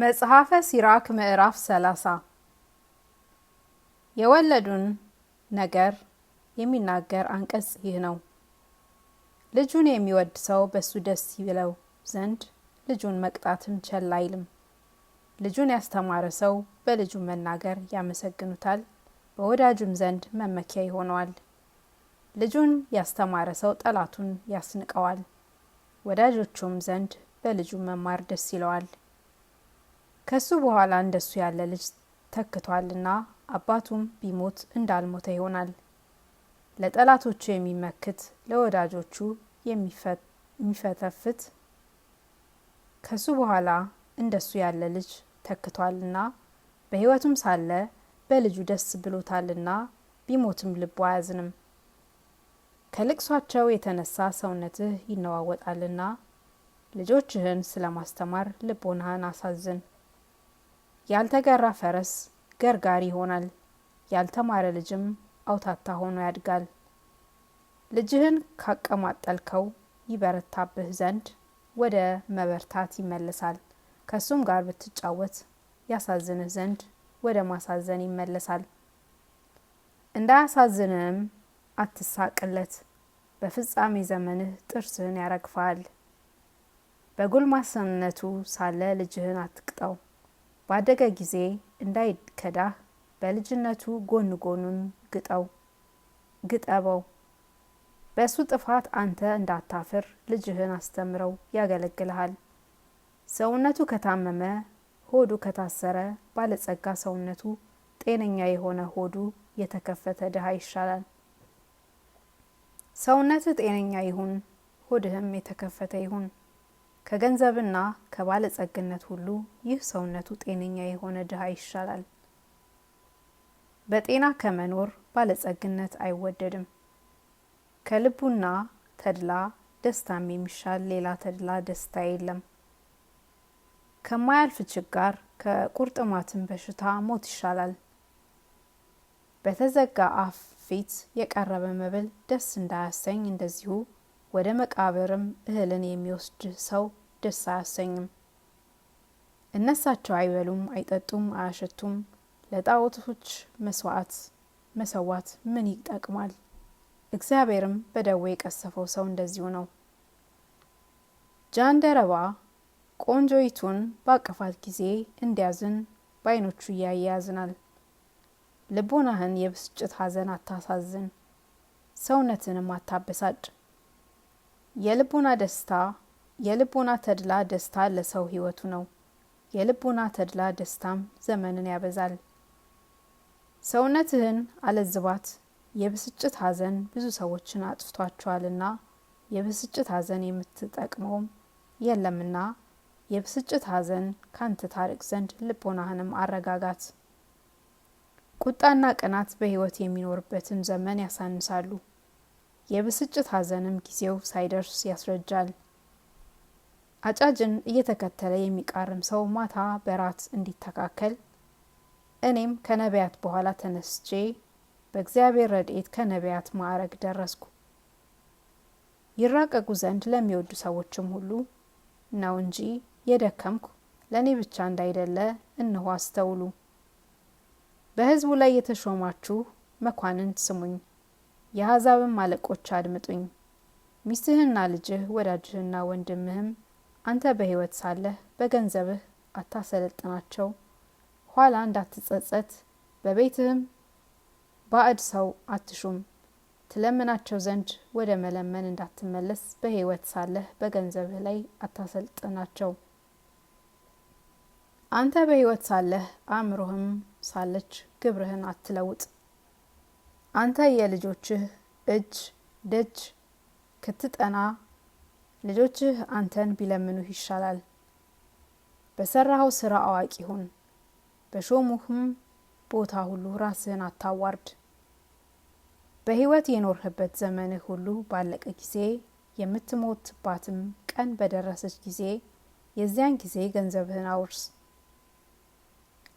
መጽሐፈ ሲራክ ምዕራፍ ሰላሳ የወለዱን ነገር የሚናገር አንቀጽ ይህ ነው። ልጁን የሚወድ ሰው በእሱ ደስ ይለው ዘንድ ልጁን መቅጣትን ቸል አይልም። ልጁን ያስተማረ ሰው በልጁ መናገር ያመሰግኑታል፣ በወዳጁም ዘንድ መመኪያ ይሆነዋል። ልጁን ያስተማረ ሰው ጠላቱን ያስንቀዋል፣ ወዳጆቹም ዘንድ በልጁ መማር ደስ ይለዋል። ከሱ በኋላ እንደሱ ያለ ልጅ ተክቷልና አባቱም ቢሞት እንዳልሞተ ይሆናል። ለጠላቶቹ የሚመክት ለወዳጆቹ የሚፈተፍት ከሱ በኋላ እንደሱ ያለ ልጅ ተክቷልና በሕይወቱም ሳለ በልጁ ደስ ብሎታልና ቢሞትም ልቡ አያዝንም። ከልቅሷቸው የተነሳ ሰውነትህ ይነዋወጣልና ልጆችህን ስለማስተማር ልቦናህን አሳዝን። ያልተገራ ፈረስ ገርጋሪ ይሆናል፣ ያልተማረ ልጅም አውታታ ሆኖ ያድጋል። ልጅህን ካቀማጠልከው ይበረታብህ ዘንድ ወደ መበርታት ይመለሳል። ከሱም ጋር ብትጫወት ያሳዝንህ ዘንድ ወደ ማሳዘን ይመለሳል። እንዳያሳዝንህም አትሳቅለት፣ በፍጻሜ ዘመንህ ጥርስህን ያረግፋል። በጉልማስነቱ ሳለ ልጅህን አትቅጠው። ባደገ ጊዜ እንዳይከዳህ በልጅነቱ ጎን ጎኑን ግጠበው። በእሱ ጥፋት አንተ እንዳታፍር ልጅህን አስተምረው፣ ያገለግልሃል። ሰውነቱ ከታመመ ሆዱ ከታሰረ ባለጸጋ ሰውነቱ ጤነኛ የሆነ ሆዱ የተከፈተ ድሃ ይሻላል። ሰውነት ጤነኛ ይሁን፣ ሆድህም የተከፈተ ይሁን። ከገንዘብና ከባለጸግነት ሁሉ ይህ ሰውነቱ ጤነኛ የሆነ ድሃ ይሻላል። በጤና ከመኖር ባለጸግነት አይወደድም። ከልቡና ተድላ ደስታም የሚሻል ሌላ ተድላ ደስታ የለም። ከማያልፍ ችጋር ከቁርጥማትን በሽታ ሞት ይሻላል። በተዘጋ አፍ ፊት የቀረበ መብል ደስ እንዳያሰኝ እንደዚሁ ወደ መቃብርም እህልን የሚወስድ ሰው ደስ አያሰኝም። እነሳቸው አይበሉም፣ አይጠጡም፣ አያሸቱም። ለጣዖቶች መስዋዕት መሰዋት ምን ይጠቅማል? እግዚአብሔርም በደዌ የቀሰፈው ሰው እንደዚሁ ነው። ጃንደረባ ቆንጆይቱን ባቀፋት ጊዜ እንዲያዝን በአይኖቹ እያየ ያዝናል። ልቦናህን የብስጭት ሐዘን አታሳዝን፣ ሰውነትንም አታበሳጭ። የልቦና ደስታ የልቦና ተድላ ደስታ ለሰው ህይወቱ ነው። የልቦና ተድላ ደስታም ዘመንን ያበዛል። ሰውነትህን አለዝባት። የብስጭት ሀዘን ብዙ ሰዎችን አጥፍቷቸዋልና የብስጭት ሀዘን የምትጠቅመውም የለምና የብስጭት ሀዘን ካንተ ታርቅ ዘንድ ልቦናህንም አረጋጋት። ቁጣና ቅናት በህይወት የሚኖርበትን ዘመን ያሳንሳሉ። የብስጭት ሐዘንም ጊዜው ሳይደርስ ያስረጃል። አጫጅን እየተከተለ የሚቃርም ሰው ማታ በራት እንዲተካከል እኔም ከነቢያት በኋላ ተነስቼ በእግዚአብሔር ረድኤት ከነቢያት ማዕረግ ደረስኩ። ይራቀቁ ዘንድ ለሚወዱ ሰዎችም ሁሉ ነው እንጂ የደከምኩ ለእኔ ብቻ እንዳይደለ እንሆ አስተውሉ። በሕዝቡ ላይ የተሾማችሁ መኳንንት ስሙኝ። የአሕዛብም አለቆች አድምጡኝ። ሚስትህና ልጅህ ወዳጅህና ወንድምህም አንተ በሕይወት ሳለህ በገንዘብህ አታሰለጥናቸው፣ ኋላ እንዳትጸጸት። በቤትህም ባዕድ ሰው አትሹም፣ ትለምናቸው ዘንድ ወደ መለመን እንዳትመለስ። በሕይወት ሳለህ በገንዘብህ ላይ አታሰልጥናቸው። አንተ በሕይወት ሳለህ አእምሮህም ሳለች ግብርህን አትለውጥ። አንተ የልጆችህ እጅ ደጅ ክትጠና ልጆችህ አንተን ቢለምኑህ ይሻላል። በሰራኸው ስራ አዋቂ ሁን፣ በሾሙህም ቦታ ሁሉ ራስህን አታዋርድ። በሕይወት የኖርህበት ዘመንህ ሁሉ ባለቀ ጊዜ የምትሞትባትም ቀን በደረሰች ጊዜ የዚያን ጊዜ ገንዘብህን አውርስ።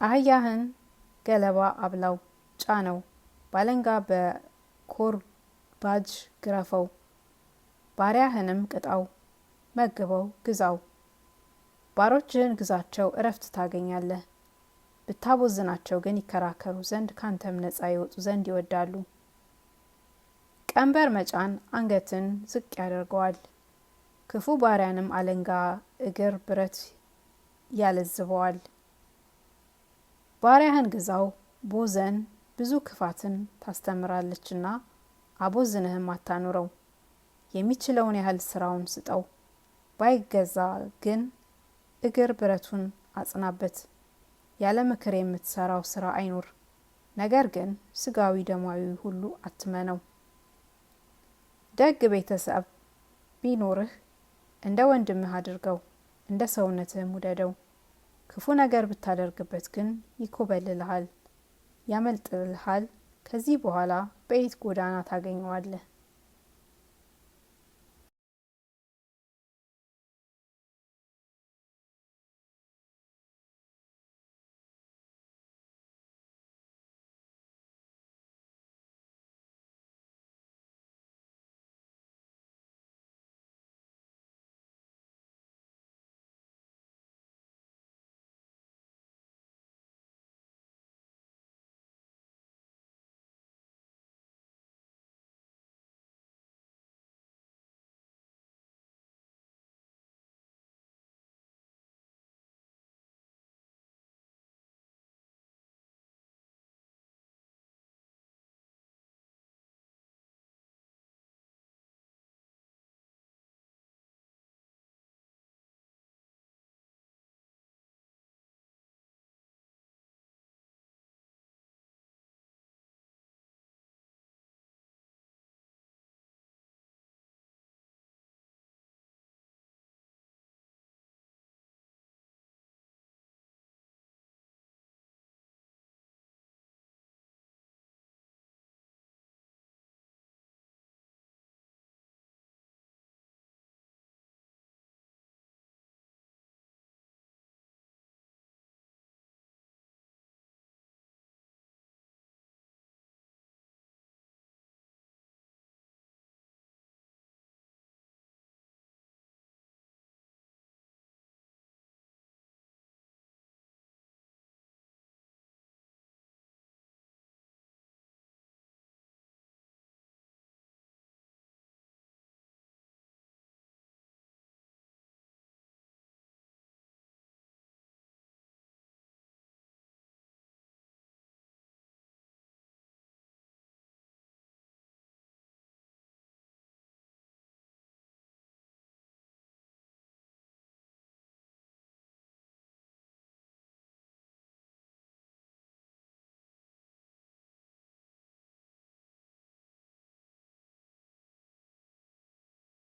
አህያህን ገለባ አብላው፣ ጫነው ባለንጋ በኮርባጅ ግረፈው፣ ባሪያህንም ቅጣው፣ መግበው፣ ግዛው። ባሮችህን ግዛቸው፣ እረፍት ታገኛለህ። ብታቦዝናቸው ግን ይከራከሩ ዘንድ ካንተም ነጻ ይወጡ ዘንድ ይወዳሉ። ቀንበር መጫን አንገትን ዝቅ ያደርገዋል፣ ክፉ ባሪያንም አለንጋ እግር ብረት ያለዝበዋል። ባሪያህን ግዛው ቦዘን ብዙ ክፋትን ታስተምራለችና አቦዝንህም አታኑረው። የሚችለውን ያህል ስራውን ስጠው። ባይገዛ ግን እግር ብረቱን አጽናበት። ያለ ምክር የምትሰራው ስራ አይኑር። ነገር ግን ስጋዊ ደማዊ ሁሉ አትመነው። ደግ ቤተሰብ ቢኖርህ እንደ ወንድምህ አድርገው፣ እንደ ሰውነትህም ውደደው። ክፉ ነገር ብታደርግበት ግን ይኮበልልሃል። ያመልጥልሃል። ከዚህ በኋላ በየት ጎዳና ታገኘዋለህ?